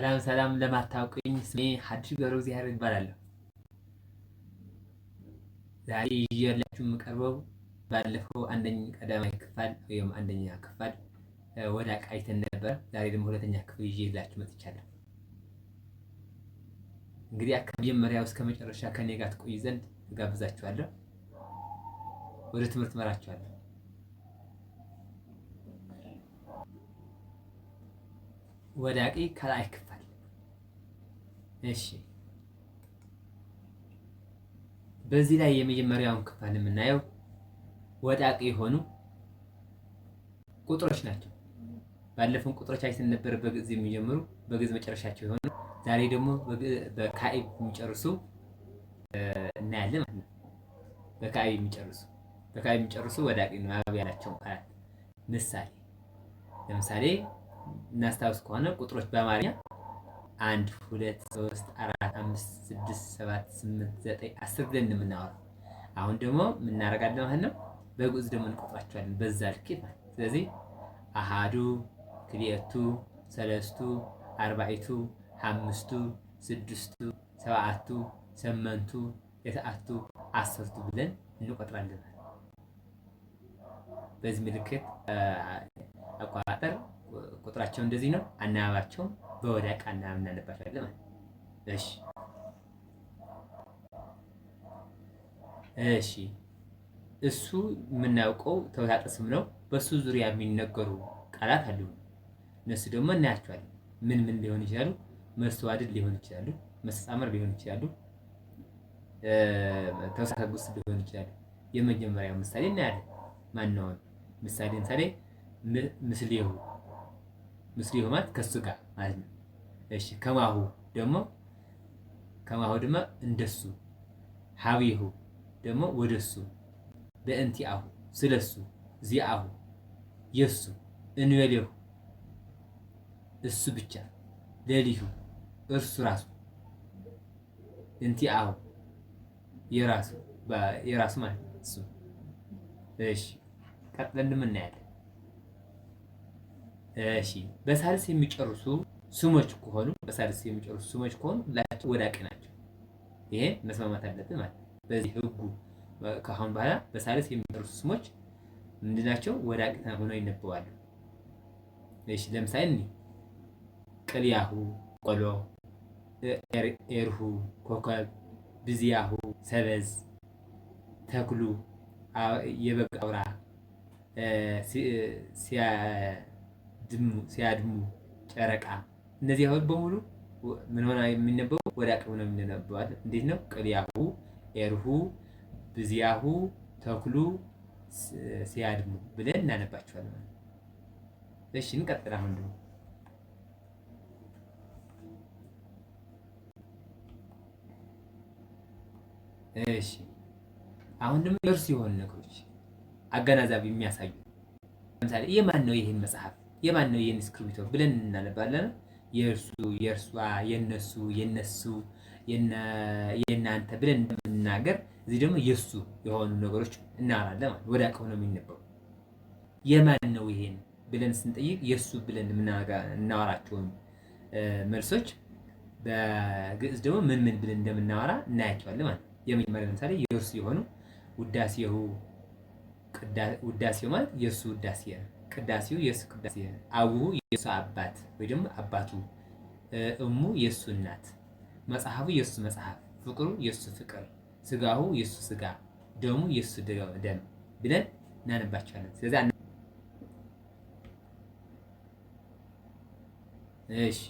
ሰላም ሰላም፣ ለማታውቁኝ ስሜ ሀዲሽ ገብረ እግዚአብሔር ይባላለሁ። ዛሬ ይዤላችሁ የምቀርበው ባለፈው አንደኛ ቀዳማዊ ክፋል ወይም አንደኛ ክፋል ወደ አቃይተን ነበር። ዛሬ ደግሞ ሁለተኛ ክፍል ይዤላችሁ መጥቻለሁ። እንግዲህ ከመጀመሪያው እስከ መጨረሻ ከኔ ጋር ትቆይ ዘንድ እጋብዛችኋለሁ። ወደ ትምህርት መራችኋለሁ። ወደ አቂ ከላይ ክፍል እሺ በዚህ ላይ የመጀመሪያውን ክፍል የምናየው ወጣቂ የሆኑ ቁጥሮች ናቸው። ባለፈውን ቁጥሮች አይተን ነበር። በግዕዝ የሚጀምሩ በግዕዝ መጨረሻቸው የሆኑ ዛሬ ደግሞ በካዕብ የሚጨርሱ እናያለን ማለት ነው። በካዕብ የሚጨርሱ በካዕብ የሚጨርሱ ወጣቂ ንባብ ያላቸው ቃላት ምሳሌ ለምሳሌ እናስታውስ ከሆነ ቁጥሮች በአማርኛ አንድ ሁለት ሶስት አራት አምስት ስድስት ሰባት ስምንት ዘጠኝ አስር ብለን ነው የምናወራው። አሁን ደግሞ የምናደርጋለን ማለት ነው። በግዕዝ ደግሞ እንቆጥራቸዋለን በዛ ልክ ይባል። ስለዚህ አሃዱ፣ ክልኤቱ፣ ሰለስቱ፣ አርባዒቱ፣ ሓምስቱ፣ ስድስቱ፣ ሰብዓቱ፣ ሰመንቱ፣ የተአቱ አስርቱ ብለን እንቆጥራለን። በዚህ ምልክት አቆጣጠር ቁጥራቸው እንደዚህ ነው። አናባቸውም በወዳ ቃና ምናለባት አለ እሺ፣ እሺ። እሱ የምናውቀው ተወሳጠ ስም ነው። በእሱ ዙሪያ የሚነገሩ ቃላት አሉ። እነሱ ደግሞ እናያቸዋለን። ምን ምን ሊሆን ይችላሉ? መስተዋድድ ሊሆን ይችላሉ፣ መስተጻመር ሊሆን ይችላሉ፣ ተወሳተ ግስ ሊሆን ይችላሉ። የመጀመሪያው ምሳሌ እናያለን። ማነው ምሳሌ ምሳሌ ምስሌሁ ምስሊ ማለት ከሱ ጋር ማለት ነው። እሺ ከማሁ ደግሞ ከማሁ ድማ እንደሱ ሀቢሁ ደግሞ ወደሱ በእንቲ አሁ ስለሱ ዚአሁ የሱ እንበሌሁ እሱ ብቻ ለሊሁ እርሱ ራሱ እንቲ አሁ የራሱ የራሱ ማለት ነው እሺ ቀጥለን እናያለን። እሺ በሳልስ የሚጨርሱ ስሞች ከሆኑ በሳልስ የሚጨርሱ ስሞች ከሆኑ ላቸው ወዳቂ ናቸው። ይሄ መስማማት አለብን ማለት ነው። በዚህ ህጉ ከአሁን በኋላ በሳልስ የሚጨርሱ ስሞች ምንድናቸው? ወዳቂ ሆነው ይነበባሉ። እሺ ለምሳሌ እኒ ቅልያሁ፣ ቆሎ፣ ኤርሁ፣ ኮከብ፣ ብዝያሁ፣ ሰበዝ፣ ተክሉ፣ የበግ አውራ፣ ድሙ ሲያድሙ ጨረቃ እነዚህ አሁን በሙሉ ምን ሆነ የሚነበው ወደ አቅም ነው የምንነበዋል። እንዴት ነው? ቅልያሁ ኤርሁ ብዚያሁ ተክሉ ሲያድሙ ብለን እናነባቸዋለን። እሺ እንቀጥል። አሁን ደግሞ እሺ አሁን ደግሞ የእርሱ የሆኑ ነገሮች አገናዛቢ የሚያሳዩ ለምሳሌ የማን ነው ይህን መጽሐፍ የማን ነው የኔ እስክርቢቶ ብለን እናነባለን። የእርሱ፣ የእርሷ፣ የነሱ፣ የነሱ፣ የእናንተ ብለን እንደምንናገር እዚህ ደግሞ የእሱ የሆኑ ነገሮች እናወራለን። ወደ አቀው ነው የሚነበሩ። የማን ነው ይሄን ብለን ስንጠይቅ የእሱ ብለን እናወራቸውን መልሶች በግዕዝ ደግሞ ምን ምን ብለን እንደምናወራ እናያቸዋለን ማለት ነው። የመጀመሪያ ለምሳሌ የእርሱ የሆኑ ውዳሴሁ፣ ውዳሴው ማለት የእርሱ ውዳሴ ነው። ቅዳሴው የእሱ ቅዳሴ፣ አቡሁ የእሱ አባት ወይ ደግሞ አባቱ፣ እሙ የእሱ እናት፣ መጽሐፉ የእሱ መጽሐፍ፣ ፍቅሩ የእሱ ፍቅር፣ ስጋሁ የእሱ ስጋ፣ ደሙ የእሱ ደም ብለን እናነባቸዋለን። ስለዚህ እሺ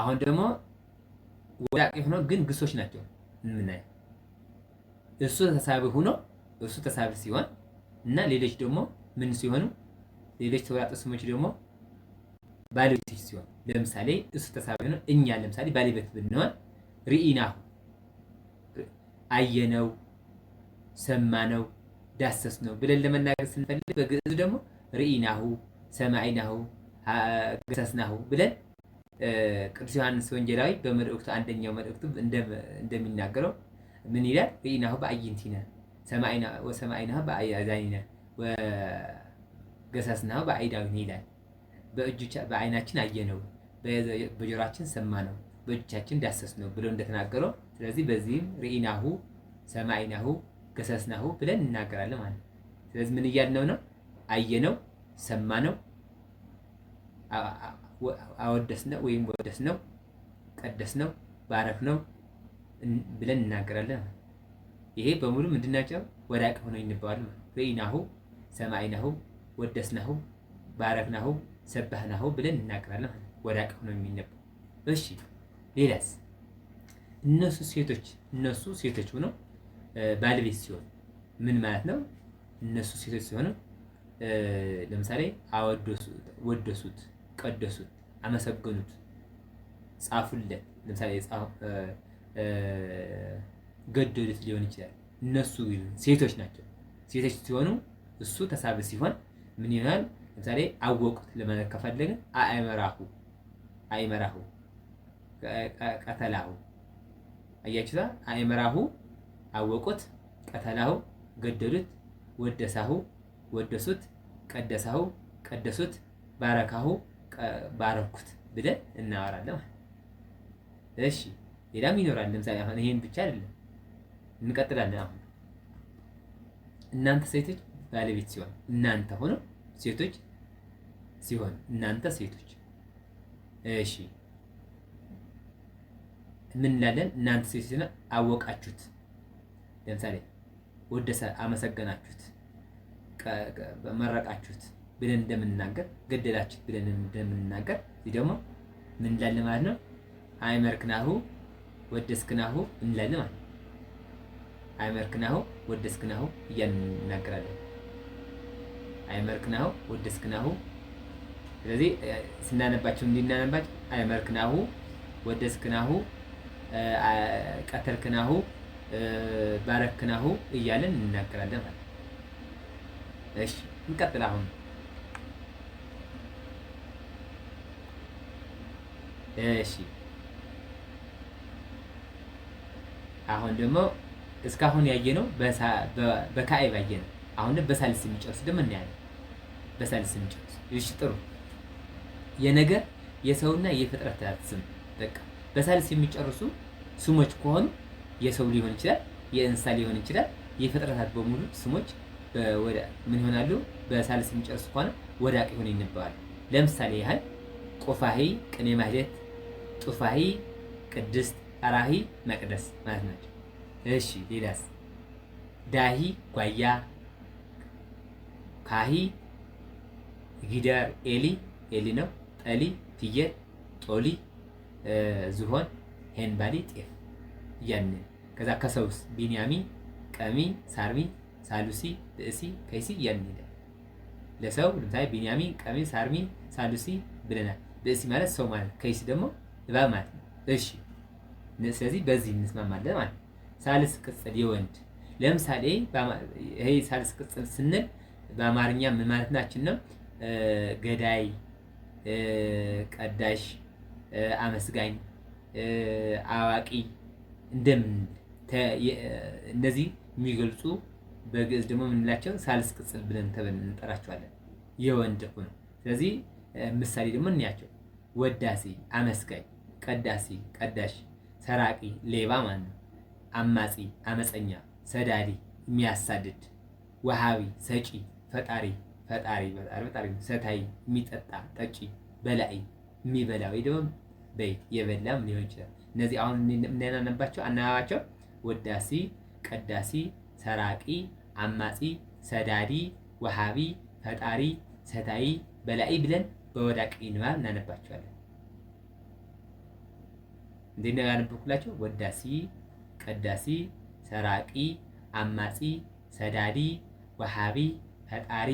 አሁን ደግሞ ወዳቂ ሆኖ ግን ግሶች ናቸው የምናየው። እሱ ተሳቢ ሆኖ እሱ ተሳቢ ሲሆን እና ሌሎች ደግሞ ምን ሲሆኑ ሌሎች ተውላጠ ስሞች ደግሞ ባለቤቶች ሲሆን ለምሳሌ እሱ ተሳቢ ነው። እኛ ለምሳሌ ባለቤት ብንሆን ርኢናሁ አየነው፣ ሰማነው፣ ዳሰስ ነው ብለን ለመናገር ስንፈልግ በግዕዝ ደግሞ ርኢናሁ፣ ሰማይናሁ፣ ገሰስናሁ ብለን ቅዱስ ዮሐንስ ወንጌላዊ በመልእክቱ አንደኛው መልእክቱ እንደሚናገረው ምን ይላል? ርኢናሁ በአይንቲነ። ወሰማይና በአዛኒና ወገሳስና በአይዳዊነ ይላል። በአይናችን አየነው፣ በጆሮአችን ሰማነው፣ በእጆቻችን ዳሰስነው ብሎ እንደተናገረው ስለዚህ በዚህም ርኢናሁ ሰማይናሁ ገሰስናሁ ብለን እናገራለን ማለት ነው። ስለዚህ ምን እያልነው ነው? አየነው፣ ሰማነው፣ አወደስነው ወይም ወደስነው፣ ቀደስነው፣ ባረክነው ብለን እናገራለን ማለት ነው። ይሄ በሙሉ ምንድናቸው? ወዳቅ ሆነው ይንባሉ። ረኢናሁ ሰማይናሁ ወደስናሁ ባረክናሁ ሰባህናሁ ብለን እናቀራለን። ወዳቅ ሆነው የሚነባው እሺ። ሌላስ እነሱ ሴቶች እነሱ ሴቶች ሆነው ባለቤት ሲሆን ምን ማለት ነው? እነሱ ሴቶች ሲሆኑ ለምሳሌ ወደሱት፣ ቀደሱት፣ አመሰገኑት፣ ጻፉለት ለምሳሌ ገደሉት ሊሆን ይችላል። እነሱ ግን ሴቶች ናቸው። ሴቶች ሲሆኑ እሱ ተሳቢ ሲሆን ምን ይሆናል? ለምሳሌ አወቁት ለማለት ከፈለግን አይመራሁ አእመራሁ ቀተላሁ አያችሁታ። አይመራሁ አወቁት፣ ቀተላሁ ገደሉት፣ ወደሳሁ ወደሱት፣ ቀደሳሁ ቀደሱት፣ ባረካሁ ባረኩት ብለን እናወራለን። እሺ ሌላም ይኖራል። ለምሳሌ አሁን ይሄን ብቻ አይደለም እንቀጥላለን። አሁን እናንተ ሴቶች ባለቤት ሲሆን እናንተ ሆኖ ሴቶች ሲሆን እናንተ ሴቶች እሺ፣ ምን እንላለን? እናንተ ሴቶች ሲሆን አወቃችሁት። ለምሳሌ ወደሰ፣ አመሰገናችሁት፣ መረቃችሁት ብለን እንደምንናገር፣ ገደላችሁት ብለን እንደምንናገር፣ እዚህ ደግሞ ምን እንላለን ማለት ነው? አይመርክናሁ ወደስክናሁ እንላለን ማለት ነው። አይመርክናሁ ወደስክናሁ እያልን እናገራለን። አይመርክናሁ ወደስክናሁ። ስለዚህ ስናነባቸው እንዲናነባቸው አይመርክናሁ ወደስክናሁ፣ ቀተልክናሁ፣ ባረክናሁ እያለን እናገራለን ማለት ነው። እሺ እንቀጥል አሁን እሺ አሁን ደግሞ እስካሁን ያየነው በካዕብ ያየነው አሁን በሳልስ የሚጨርስ ደግሞ እናያለን። በሳልስ የሚጨርስ እሺ፣ ጥሩ የነገር የሰውና የፍጥረታት ስም በቃ በሳልስ የሚጨርሱ ስሞች ከሆኑ የሰው ሊሆን ይችላል፣ የእንስሳ ሊሆን ይችላል። የፍጥረታት በሙሉ ስሞች ምን ይሆናሉ? በሳልስ የሚጨርሱ ከሆነ ወዳቅ ይሆን ይነበባል። ለምሳሌ ያህል ቆፋሂ፣ ቅኔ ማህሌት፣ ጡፋሂ፣ ቅድስት፣ አራሂ፣ መቅደስ ማለት ናቸው። እሺ ሌላስ? ዳሂ ጓያ፣ ካሂ ጊዳር፣ ኤሊ ኤሊ ነው፣ ጠሊ ፍየል፣ ጦሊ ዝሆን፣ ሄንባሊ ጤፍ። እያንን ከዛ ከሰውስ ቢንያሚ፣ ቀሚ፣ ሳርሚ፣ ሳሉሲ፣ ብእሲ፣ ከይሲ እያልን ለሰው ለምሳሌ ቢንያሚ፣ ቀሚ፣ ሳርሚ፣ ሳሉሲ ብለናል። ብእሲ ማለት ሰው ማለት፣ ከይሲ ደግሞ እባብ ማለት ነው። እሺ ስለዚህ በዚህ እንስማማለን ማለት ነው። ሳልስ ቅጽል የወንድ ለምሳሌ ይሄ ሳልስ ቅጽል ስንል በአማርኛ ምን ማለት ናችን ነው? ገዳይ፣ ቀዳሽ፣ አመስጋኝ፣ አዋቂ እንደምን እነዚህ የሚገልጹ በግዕዝ ደግሞ የምንላቸው ሳልስ ቅጽል ብለን እንጠራቸዋለን። የወንድ ነው። ስለዚህ ምሳሌ ደግሞ እንያቸው ወዳሴ፣ አመስጋኝ፣ ቀዳሴ፣ ቀዳሽ፣ ሰራቂ፣ ሌባ ማለት ነው። አማጺ አመፀኛ ሰዳዲ የሚያሳድድ ወሃቢ ሰጪ ፈጣሪ ፈጣሪ ፈጣሪ ሰታይ የሚጠጣ ጠጪ በላይ የሚበላ ወይ ደግሞ በይ የበላ ሊሆን ይችላል። እነዚህ አሁን የምናነባቸው አናባባቸው ወዳሲ፣ ቀዳሲ፣ ሰራቂ፣ አማጺ፣ ሰዳዲ፣ ወሃቢ፣ ፈጣሪ፣ ሰታይ፣ በላይ ብለን በወዳቂ ንባብ እናነባቸዋለን። እንዴት ነው ያነበብኩላቸው? ወዳሲ ቀዳሲ፣ ሰራቂ፣ አማጺ፣ ሰዳዲ፣ ወሃቢ፣ ፈጣሪ፣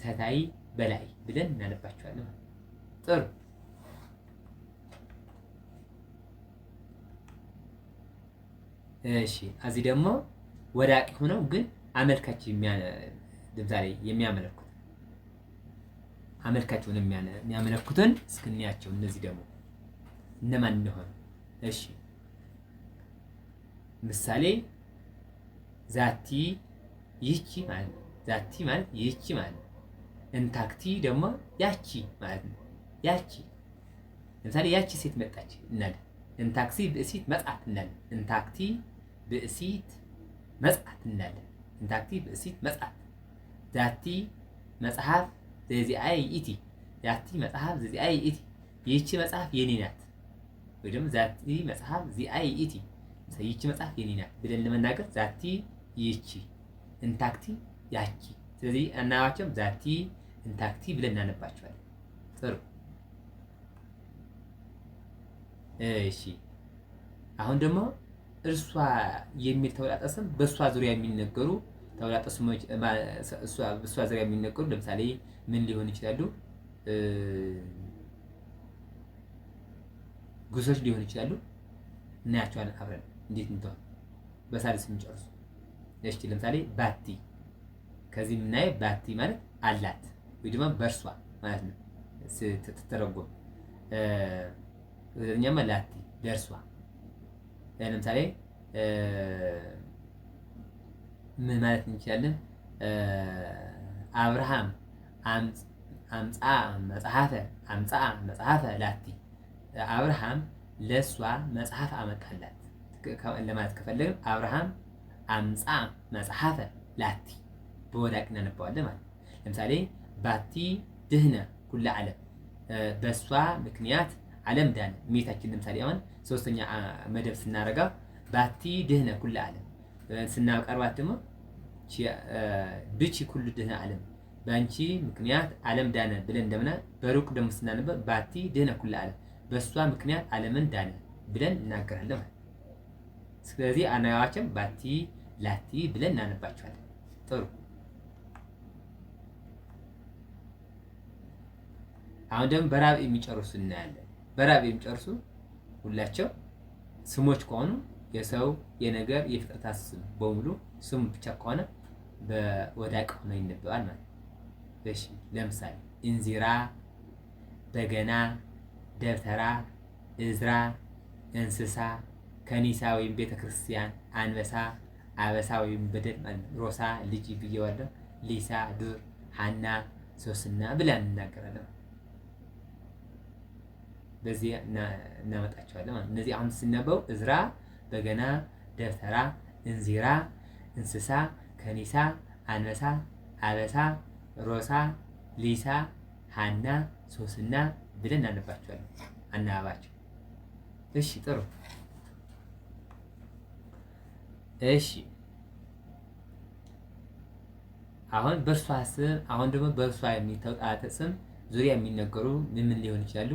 ሰታይ፣ በላይ ብለን እናነባቸዋለን። ጥሩ እሺ እዚህ ደግሞ ወዳቂ ሆነው ግን አመልካች ለምሳሌ የሚያመለኩት አመልካቸውን የሚያመለኩትን እስክንያቸው እነዚህ ደግሞ እነማን እንደሆነ እሺ ምሳሌ ዛቲ ይቺ ማለት ነው። ዛቲ ማለት ይቺ ማለት ነው። እንታክቲ ደግሞ ያቺ ማለት ነው። ያቺ ለምሳሌ ያቺ ሴት መጣች እናለን። እንታክሲ ብእሲት መጽአት እናለን። እንታክቲ ብእሲት መጽአት እናለን። እንታክቲ ብእሲት መጽአት ዛቲ መጽሐፍ ዘዚአይ ይእቲ ዛቲ መጽሐፍ ዘዚአይ ይእቲ ይህቺ መጽሐፍ የኔ ናት ወይ ደግሞ ዛቲ መጽሐፍ ዚአይ ይእቲ ይቺ መጽሐፍ የኔ ናት ብለን ለመናገር ዛቲ ይቺ እንታክቲ ያቺ። ስለዚህ አናባቸውም ዛቲ እንታክቲ ብለን እናነባቸዋለን። ጥሩ እሺ። አሁን ደግሞ እርሷ የሚል ተውላጠ ስም በእሷ ዙሪያ የሚነገሩ ተውላጠ ስሞች እሷ ዙሪያ የሚነገሩ ለምሳሌ ምን ሊሆን ይችላሉ? ጉሶች ሊሆን ይችላሉ። እናያቸዋለን አብረን እንዴት እንተው በሳድስ እንጨርሱ። እሺ ለምሳሌ ባቲ ከዚህ የምናየ ባቲ ማለት አላት ወይ ድማ በእርሷ ማለት ነው ስትተረጎም። ሁለተኛማ ላቲ ደርሷ። ለምሳሌ ምን ማለት እንችላለን? አብርሃም አምጻ መጽሐፈ አምጻ መጽሐፈ ላቲ አብርሃም ለእሷ መጽሐፍ አመጣላት። ለማለት ከፈለግ አብርሃም አምፃ መጽሐፈ ላቲ በወዳቅ እናነባዋለን ማለት ለምሳሌ ባቲ ድህነ ኩለ ዓለም በእሷ ምክንያት ዓለም ዳነ። ሜታችን ለምሳሌ አሁን ሶስተኛ መደብ ስናረጋ ባቲ ድህነ ኩለ ዓለም ስናቀርባት ደግሞ ብቺ ኩሉ ድህነ ዓለም በአንቺ ምክንያት ዓለም ዳነ ብለን እንደምና በሩቅ ደግሞ ስናነበብ ባቲ ድህነ ኩለ ዓለም በእሷ ምክንያት ዓለምን ዳነ ብለን እናገራለን ማለት ስለዚህ አናያዋችን ባቲ ላቲ ብለን እናነባቸዋለን። ጥሩ። አሁን ደግሞ በራብ የሚጨርሱ እናያለን። በራብ የሚጨርሱ ሁላቸው ስሞች ከሆኑ የሰው የነገር የፍጥረታት ስም በሙሉ ስሙ ብቻ ከሆነ በወዳቅ ሆኖ ይነበባል ማለት ነው። እሺ ለምሳሌ እንዚራ፣ በገና፣ ደብተራ፣ እዝራ፣ እንስሳ ከኒሳ ወይም ቤተ ክርስቲያን አንበሳ አበሳ ወይም በደል ሮሳ ልጅ ብዬዋለሁ። ሊሳ ዱር፣ ሀና ሶስና ብለን እናገራለን። በዚህ እናመጣቸዋለን እነዚህ አሁን ስነበው እዝራ፣ በገና፣ ደብተራ፣ እንዚራ፣ እንስሳ፣ ከኒሳ፣ አንበሳ፣ አበሳ፣ ሮሳ፣ ሊሳ፣ ሀና ሶስና ብለን እናነባቸዋለን። አናባቸው። እሺ ጥሩ እሺ አሁን በእርሷ ስም አሁን ደግሞ በእርሷ የሚተውጣጠ ስም ዙሪያ የሚነገሩ ምን ምን ሊሆን ይችላሉ?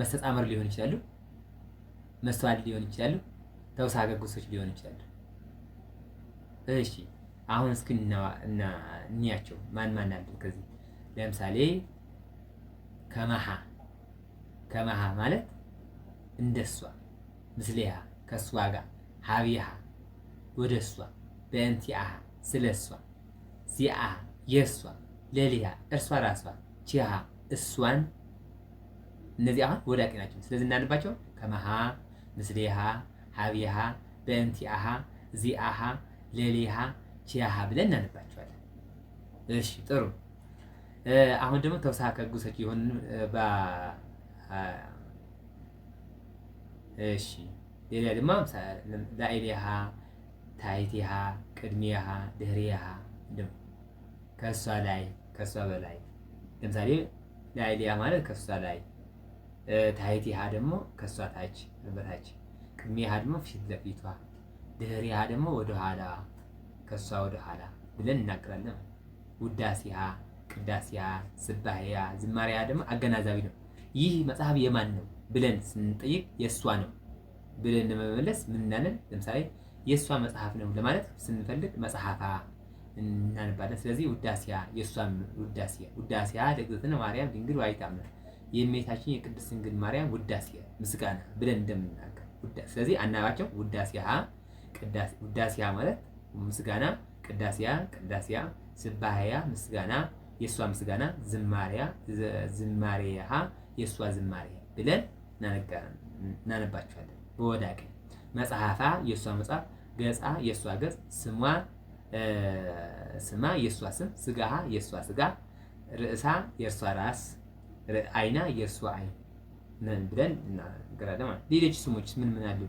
መስተጣመር ሊሆን ይችላሉ። መስተዋል ሊሆን ይችላሉ። ተውሳከ ግሶች ሊሆን ይችላሉ። እሺ አሁን እስኪ እና እንያቸው ማን ማን አለ ከዚህ ለምሳሌ ከመሃ ከመሃ ማለት እንደሷ ምስሌሃ ከሷ ጋር ሀቢሃ ወደ እሷ በእንቲአሃ ስለ እሷ ዚአ የእሷ ለሊሃ እርሷ ራሷ ቺሃ እሷን እነዚህ አሁን ወዳቂ ናቸው። ስለዚህ እናንባቸው ከመሃ ምስሌሃ ሀቢሃ በእንቲአሃ ዚአሃ ለሊሃ ቺሃ ብለን እናንባቸዋለን። እሺ ጥሩ። አሁን ደግሞ ተውሳከ ጉሰት ይሁን እሺ ሌላ ድማ ላኢሌሃ ታይቲሃ ቅድሚያሃ ድህሪያሃ ከሷ ላይ ከሷ በላይ ለምሳሌ ላኢሌሃ ማለት ከሷ ላይ፣ ታይቲሃ ደግሞ ከሷ ታች በታች፣ ቅድሚያሃ ደግሞ ፊት ለፊቷ፣ ድህሪያሃ ደግሞ ወደኋላ ከሷ ወደኋላ ብለን እናቅራለን። ውዳሴሃ ቅዳሴያ ስባሄያ ዝማሬያ ደግሞ አገናዛቢ ነው። ይህ መጽሐፍ የማን ነው ብለን ስንጠይቅ የእሷ ነው። ብለን ለመመለስ ምን እናለን? ለምሳሌ የእሷ መጽሐፍ ነው ለማለት ስንፈልግ መጽሐፋ እናንባለን። ስለዚህ ውዳሴያ የእሷ ውዳሴያ ውዳሴያ ለእግዝእትነ ማርያም ድንግል ዋይት አምር የእመቤታችን የቅድስት ድንግል ማርያም ውዳሴያ ምስጋና ብለን እንደምንናገር ስለዚህ አናባቸው ውዳሴያ ውዳሴያ ማለት ምስጋና፣ ቅዳሴያ ቅዳሴያ፣ ስባህያ ምስጋና የእሷ ምስጋና፣ ዝማሪያ ዝማሬያ የእሷ ዝማሬ ብለን እናነባቸዋለን። በወዳቂ መጽሐፋ የእሷ መጽሐፍ ገጻ የእሷ ገጽ ስሟ ስማ የእሷ ስም ስጋሃ የእሷ ስጋ ርእሳ የእርሷ ራስ አይና የእርሷ አይን ምን ብለን እናገራለን ማለት ሌሎች ስሞች ምን ምን አሉ?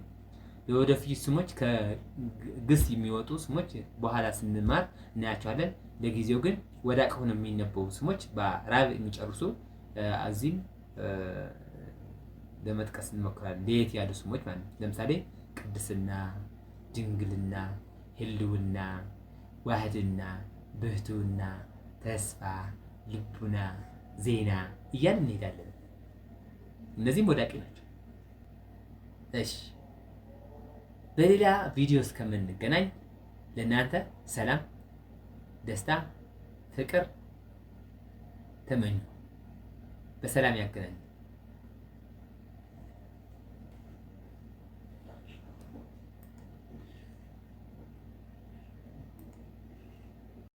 የወደፊት ስሞች ከግስ የሚወጡ ስሞች በኋላ ስንማር እናያቸዋለን። ለጊዜው ግን ወዳቅ ሆነው የሚነበቡ ስሞች በራብ የሚጨርሱ እዚህም ለመጥቀስ እንሞክራለን። ለየት ያሉ ስሞች ማለት ነው። ለምሳሌ ቅድስና፣ ድንግልና፣ ህልውና፣ ዋህድና፣ ብህትውና፣ ተስፋ፣ ልቡና፣ ዜና እያልን እንሄዳለን። እነዚህም ወዳቂ ናቸው። እሺ፣ በሌላ ቪዲዮ እስከምንገናኝ ለእናንተ ሰላም፣ ደስታ፣ ፍቅር ተመኙ። በሰላም ያገናኝ።